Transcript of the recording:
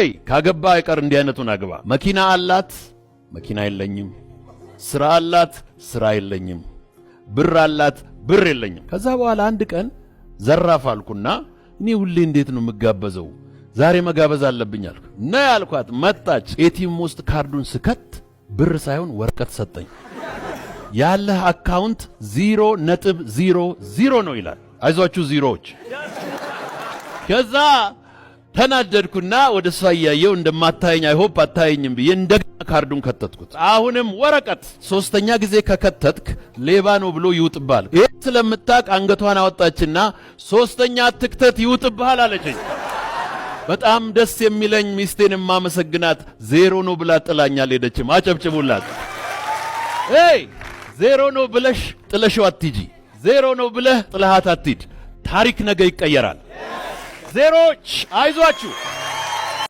ይ ካገባ አይቀር እንዲህ አይነቱን አግባ። መኪና አላት፣ መኪና የለኝም። ስራ አላት፣ ስራ የለኝም። ብር አላት፣ ብር የለኝም። ከዛ በኋላ አንድ ቀን ዘራፍ አልኩና እኔ ሁሌ እንዴት ነው የምጋበዘው? ዛሬ መጋበዝ አለብኝ አልኩ። ነይ አልኳት፣ መጣች። ኤቲም ውስጥ ካርዱን ስከት ብር ሳይሆን ወረቀት ሰጠኝ። ያለህ አካውንት ዚሮ ነጥብ ዚሮ ዚሮ ነው ይላል። አይዟችሁ ዚሮዎች ከዛ ተናደድኩና ወደ እሷ እያየው እንደማታየኝ አይሆፕ አታየኝም ብዬ እንደገና ካርዱን ከተትኩት። አሁንም ወረቀት ሶስተኛ ጊዜ ከከተትክ ሌባ ነው ብሎ ይውጥብሃል። ይህ ስለምታቅ አንገቷን አወጣችና ሶስተኛ ትክተት ይውጥብሃል አለችኝ። በጣም ደስ የሚለኝ ሚስቴን የማመሰግናት ዜሮ ነው ብላ ጥላኛ ሄደችም አጨብጭቡላት። ይ ዜሮ ነው ብለሽ ጥለሽው አትጂ። ዜሮ ነው ብለህ ጥለሃት አትሂድ። ታሪክ ነገ ይቀየራል። 0対1合図ワッチュ